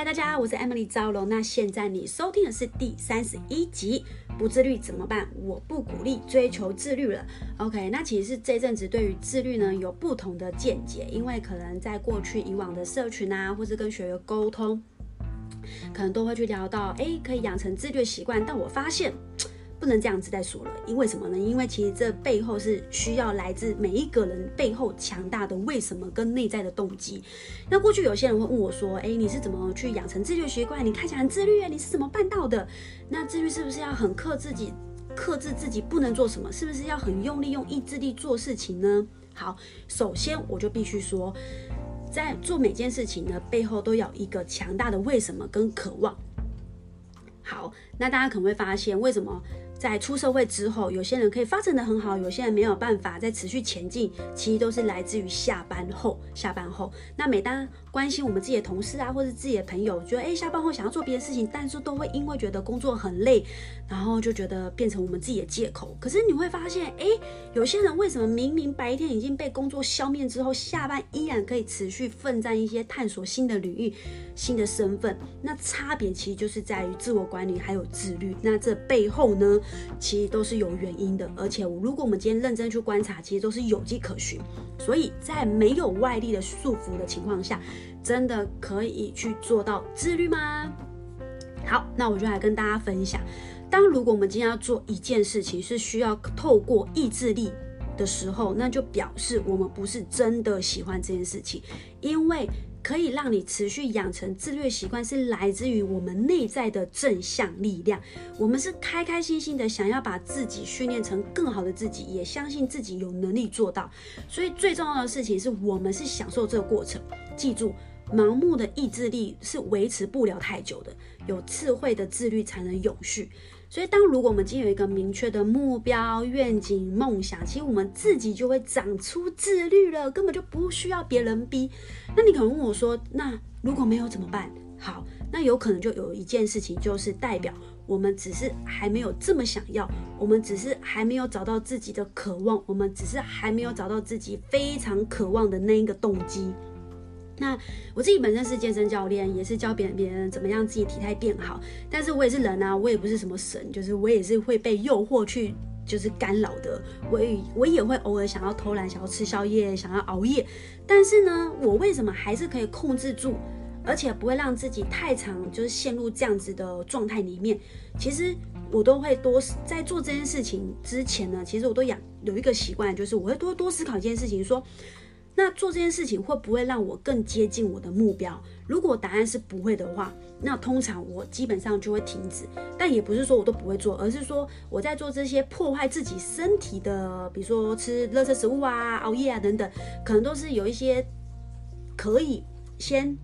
嗨，Hi, 大家好，我是 Emily 趙龍。那現在你收聽的是第三十一集，不自律怎麼辦？我不鼓勵追求自律了。OK，那其實這陣子對於自律呢，有不同的見解，因為可能在過去以往的社群啊，或是跟學員溝通，可能都會去聊到，哎、欸，可以養成自律的習慣。但我發現。不能這樣子再說了，因為什麼呢？因為其實這背後是需要來自每一個人背後強大的為什麼跟內在的動機。那過去有些人會問我說：“誒、欸，你是怎麼去養成自律習慣？你看起來很自律啊，你是怎麼辦到的？”那自律是不是要很克制自己，克制自己不能做什麼？是不是要很用力，用意志力做事情呢？好，首先我就必須說，在做每件事情呢，背後都要有一個強大的為什麼跟渴望。好，那大家可能會發現為什麼？在出社會之後，有些人可以發展得很好，有些人沒有辦法再持續前進，其實都是來自於下班後。下班後，那每當關心我們自己的同事啊，或者自己的朋友，覺得欸，下班後想要做別的事情，但是都會因為覺得工作很累，然後就覺得變成我們自己的借口。可是你會發現，欸，有些人為什麼明明白天已經被工作消滅之後，下班依然可以持續奮戰一些探索新的領域、新的身份？那差別其實就是在於自我管理還有自律。那這背後呢？其實都是有原因的，而且如果我們今天認真去觀察，其實都是有跡可循。所以在沒有外力的束縛的情況下，真的可以去做到自律嗎？好，那我就來跟大家分享。當如果我們今天要做一件事情，是需要透過意志力的時候，那就表示我們不是真的喜歡這件事情，因為可以讓你持續養成自律習慣，是來自於我們內在的正向力量。我們是開開心心的，想要把自己訓練成更好的自己，也相信自己有能力做到。所以最重要的事情是我們是享受這個過程。記住，盲目的意志力是維持不了太久的，有智慧的自律才能永續。所以，當如果我們今天有一個明確的目標、願景、夢想，其實我們自己就會長出自律了，根本就不需要別人逼。那你可能問我說：“那如果沒有怎麼辦？”好，那有可能就有一件事情，就是代表我們只是還沒有這麼想要，我們只是還沒有找到自己的渴望，我們只是還沒有找到自己非常渴望的那一個動機。那我自己本身是健身教練，也是教別人別人怎麼樣自己體態變好。但是我也是人啊，我也不是什麼神，就是我也是會被誘惑去，就是干擾的。我也我也會偶爾想要偷懶，想要吃宵夜，想要熬夜。但是呢，我為什麼還是可以控制住，而且不會讓自己太長就是陷入這樣子的狀態裡面？其實我都會多在做這件事情之前呢，其實我都養有一個習慣，就是我會多多思考一件事情，說。那做這件事情會不會讓我更接近我的目標？如果答案是不會的話，那通常我基本上就會停止。但也不是說我都不會做，而是說我在做這些破壞自己身體的，比如說吃垃圾食物啊、熬夜啊等等，可能都是有一些可以先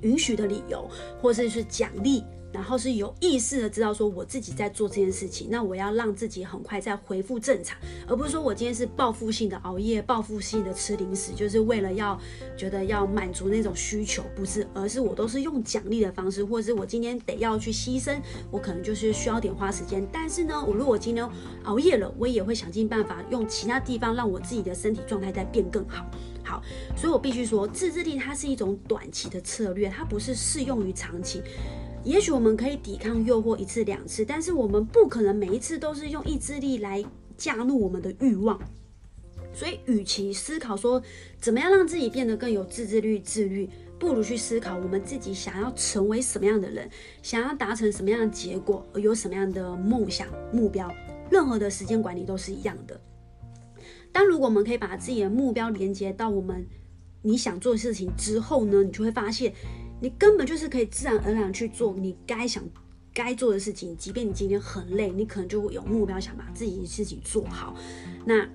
允許的理由，或者是獎勵。然後是有意識的知道說我自己在做這件事情，那我要讓自己很快再恢復正常，而不是說我今天是報復性的熬夜、報復性的吃零食，就是為了要覺得要滿足那種需求，不是，而是我都是用獎勵的方式，或者是我今天得要去犧牲，我可能就是需要點花時間。但是呢，我如果今天熬夜了，我也會想盡辦法用其他地方讓我自己的身體狀態再變更好。好，所以我必須說，自制力它是一種短期的策略，它不是適用於長期。也許我們可以抵抗誘惑一次兩次，但是我們不可能每一次都是用意志力來加入我們的慾望。所以，與其思考說怎麼樣讓自己變得更有自制力、自律，不如去思考我們自己想要成為什麼樣的人，想要達成什麼樣的結果，有什麼樣的夢想、目標。任何的時間管理都是一樣的。但如果我們可以把自己的目標連接到我們你想做的事情之後呢，你就會發現。你根本就是可以自然而然去做你該想、該做的事情，即便你今天很累，你可能就會有目標想把自己事情做好，那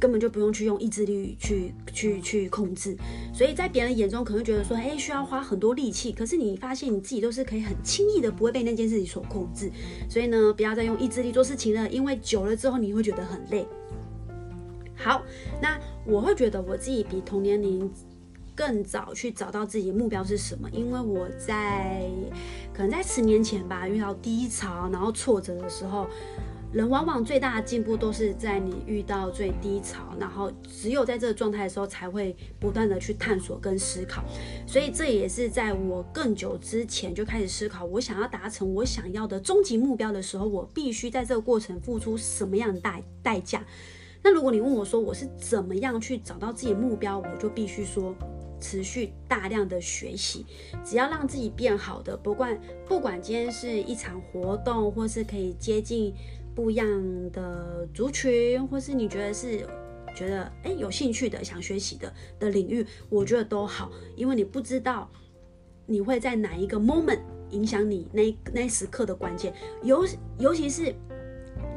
根本就不用去用意志力去、去、去控制。所以在別人眼中可能會覺得說，誒、欸，需要花很多力氣，可是你發現你自己都是可以很輕易的，不會被那件事情所控制。所以呢，不要再用意志力做事情了，因為久了之後你會覺得很累。好，那我會覺得我自己比同年齡，更早去找到自己的目標是什麼？因為我在可能在十年前吧，遇到低潮，然後挫折的時候，人往往最大的進步都是在你遇到最低潮，然後只有在這個狀態的時候，才會不斷的去探索跟思考。所以這也是在我更久之前就開始思考，我想要達成我想要的終極目標的時候，我必須在這個過程付出什麼樣的代代價。那如果你問我說，我是怎麼樣去找到自己的目標，我就必須說，持續大量的學習，只要讓自己變好的，不管不管今天是一場活動，或是可以接近不一樣的族群，或是你覺得是覺得哎有興趣的、想學習的的領域，我覺得都好，因為你不知道你會在哪一個 moment 影響你那那時刻的關鍵，尤尤其是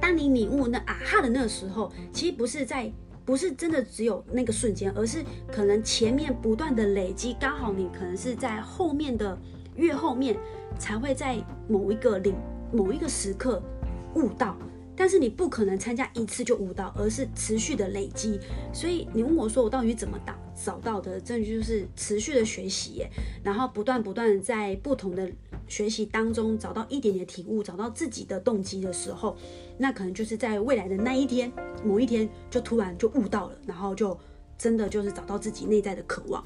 當你領悟那啊哈的那個時候，其實不是在。不是真的只有那個瞬間，而是可能前面不斷的累積，剛好你可能是在後面的越後面才會在某一個領某一個時刻悟到。但是你不可能參加一次就悟到，而是持續的累積。所以你問我說我到底怎麼找找到的，證據，就是持續的學習耶，然後不斷不斷在不同的。學習當中找到一點點體悟，找到自己的動機的時候，那可能就是在未來的那一天，某一天就突然就悟到了，然後就真的就是找到自己內在的渴望。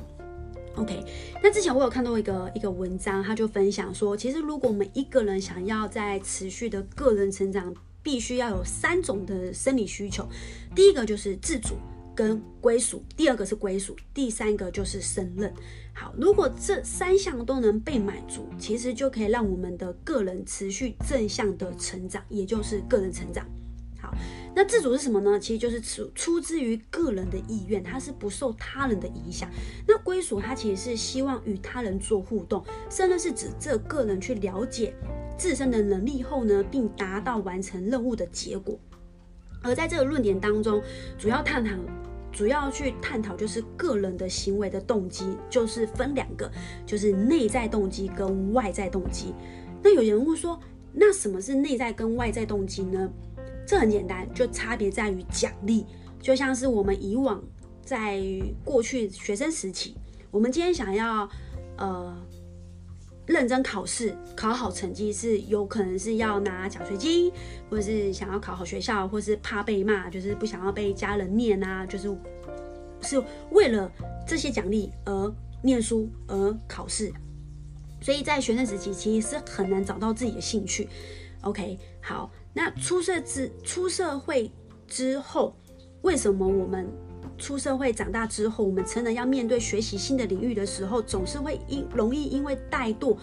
OK，那之前我有看到一個一個文章，他就分享說，其實如果每一個人想要在持續的個人成長，必須要有三種的心理需求，第一個就是自主。跟歸屬，第二個是歸屬，第三個就是勝任。好，如果這三項都能被滿足，其實就可以讓我們的個人持續正向的成長，也就是個人成長。好，那自主是什麼呢？其實就是出出自於個人的意願，它是不受他人的影響。那歸屬它其實是希望與他人做互動，勝任是指這個人去了解自身的能力後呢，並達到完成任務的結果。而在這個論點當中，主要探討，主要去探討就是個人的行為的動機，就是分兩個，就是內在動機跟外在動機。那有人會說，那什麼是內在跟外在動機呢？這很簡單，就差別在於獎勵。就像是我們以往在過去學生時期，我們今天想要，呃。認真考試考好成績是有可能是要拿獎學金，或是想要考好學校，或是怕被罵，就是不想要被家人念啊，就是是為了這些獎勵而念書而考試。所以在學生時期其實是很難找到自己的興趣。OK，好，那出社之出社會之後，為什麼我們？出社會長大之後，我們成人要面對學習新的領域的時候，總是會因容易因為怠惰，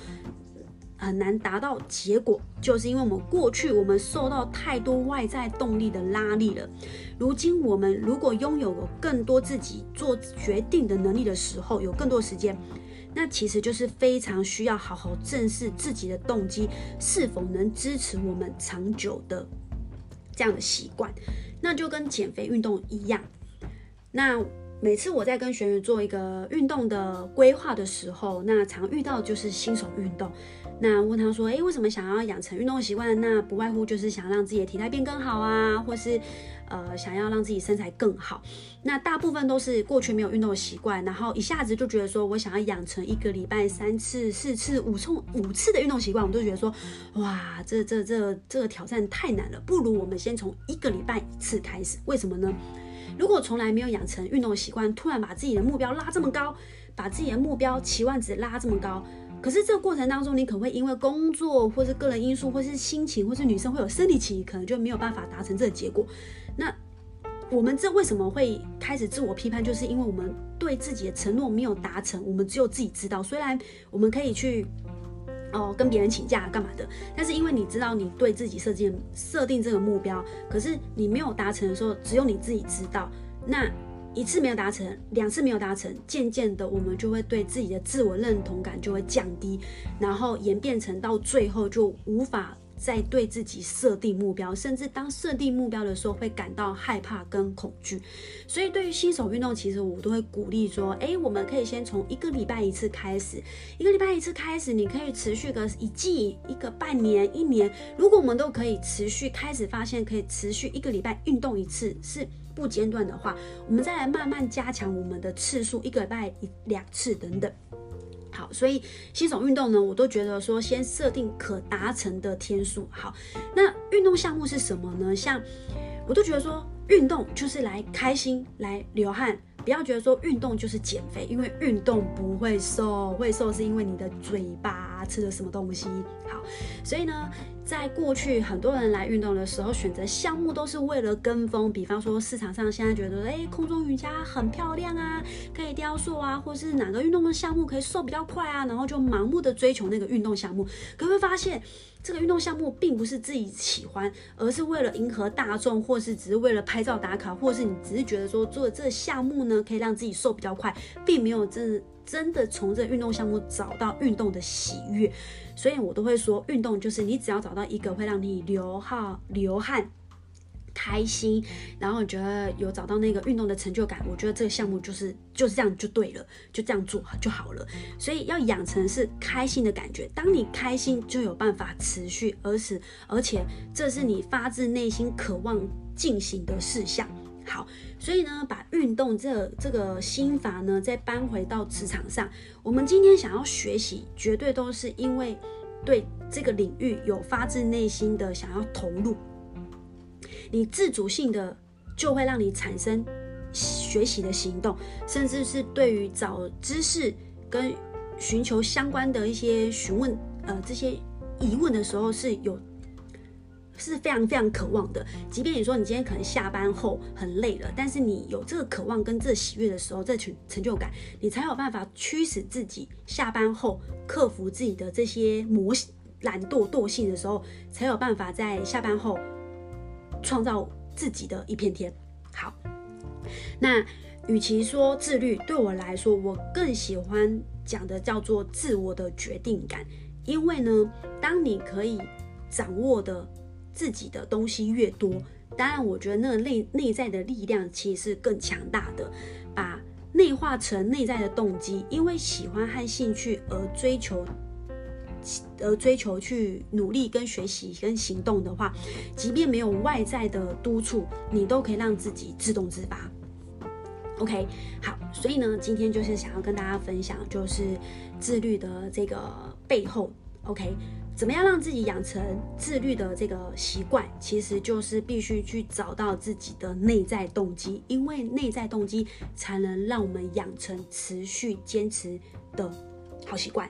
很難達到結果，就是因為我們過去我們受到太多外在動力的拉力了。如今我們如果擁有了更多自己做決定的能力的時候，有更多時間，那其實就是非常需要好好正視自己的動機是否能支持我們長久的這樣的習慣，那就跟減肥運動一樣。那每次我在跟學員做一個運動的規劃的時候，那常遇到就是新手運動。那問他說，哎、欸，為什麼想要養成運動習慣？那不外乎就是想讓自己的體態變更好啊，或是呃想要讓自己身材更好。那大部分都是過去沒有運動習慣，然後一下子就覺得說我想要養成一個禮拜三次、四次、五次、五次的運動習慣，我都覺得說，哇，這這這這個挑戰太難了，不如我們先從一個禮拜一次開始。為什麼呢？如果從來沒有養成運動的習慣，突然把自己的目標拉這麼高，把自己的目標期望值拉這麼高，可是這個過程當中，你可能會因為工作，或是個人因素，或是心情，或是女生會有生理期，可能就沒有辦法達成這個結果。那我們這為什麼會開始自我批判？就是因為我們對自己的承諾沒有達成，我們只有自己知道。雖然我們可以去。哦，跟別人請假幹嘛的。但是因為你知道你對自己設定設定這個目標，可是你沒有達成的時候，只有你自己知道。那一次沒有達成，兩次沒有達成，漸漸的我們就會對自己的自我認同感就會降低，然後演變成到最後就無法。在對自己設定目標，甚至當設定目標的時候，會感到害怕跟恐懼。所以，對於新手運動，其實我都會鼓勵說：哎，我們可以先從一個禮拜一次開始，一個禮拜一次開始，你可以持續個一季，一個半年、一年。如果我們都可以持續開始，發現可以持續一個禮拜運動一次是不間斷的話，我們再來慢慢加強我們的次數，一個禮拜一兩次等等。好，所以新手運動呢，我都覺得說先設定可達成的天數。好，那運動項目是什麼呢？像，我都覺得說運動就是來開心，來流汗，不要覺得說運動就是減肥，因為運動不會瘦，會瘦是因為你的嘴巴吃了什麼東西。好，所以呢。在過去，很多人來運動的時候，選擇項目都是為了跟風。比方說，市場上現在覺得，哎、欸，空中瑜伽很漂亮啊，可以雕塑啊，或是哪個運動的項目可以瘦比較快啊，然後就盲目的追求那個運動項目。可會發現，這個運動項目並不是自己喜歡，而是為了迎合大眾，或是只是為了拍照打卡，或是你只是覺得說做這項目呢可以讓自己瘦比較快，並沒有這真的從這運動項目找到運動的喜悅，所以我都會說，運動就是你只要找到一個會讓你流汗、流汗開心，然後覺得有找到那個運動的成就感，我覺得這個項目就是就是這樣就對了，就這樣做就好了。所以要養成是開心的感覺，當你開心就有辦法持續，而且。而且這是你發自內心渴望進行的事項。好，所以呢，把運動這這個心法呢，再搬回到職場上，我們今天想要學習，絕對都是因為對這個領域有發自內心的想要投入，你自主性的就會讓你產生學習的行動，甚至是對於找知識跟尋求相關的一些詢問，呃，這些疑問的時候是有。是非常非常渴望的。即便你說你今天可能下班後很累了，但是你有這個渴望跟這喜悅的時候，這成、個、成就感，你才有辦法驅使自己下班後克服自己的這些魔懶惰懶惰，惰性的時候，才有辦法在下班後創造自己的一片天。好，那與其說自律，對我來說，我更喜歡講的叫做自我的決定感，因為呢，當你可以掌握的。自己的東西越多，當然我覺得那個內內在的力量其實是更強大的，把內化成內在的動機，因為喜歡和興趣而追求，而追求去努力跟學習跟行動的話，即便沒有外在的督促，你都可以讓自己自動自發。OK，好，所以呢，今天就是想要跟大家分享，就是自律的這個背後，OK。怎麼樣讓自己養成自律的這個習慣，其實就是必須去找到自己的內在動機，因為內在動機才能讓我們養成持續堅持的好習慣。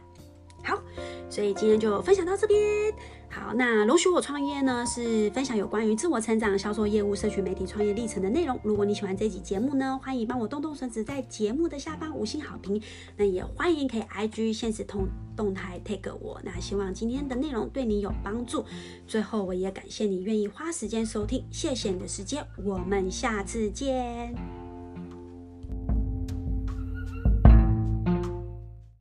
好，所以今天就分享到這邊。好，那容許我創業呢，是分享有關於自我成長、銷售業務、社群媒體創業歷程的內容。如果你喜歡這集節目呢，歡迎幫我動動手指，在節目的下方五星好評。那也歡迎可以 I G 限時動態 tag 我。那希望今天的內容對你有幫助。最後，我也感謝你願意花時間收聽，謝謝你的時間，我們下次見。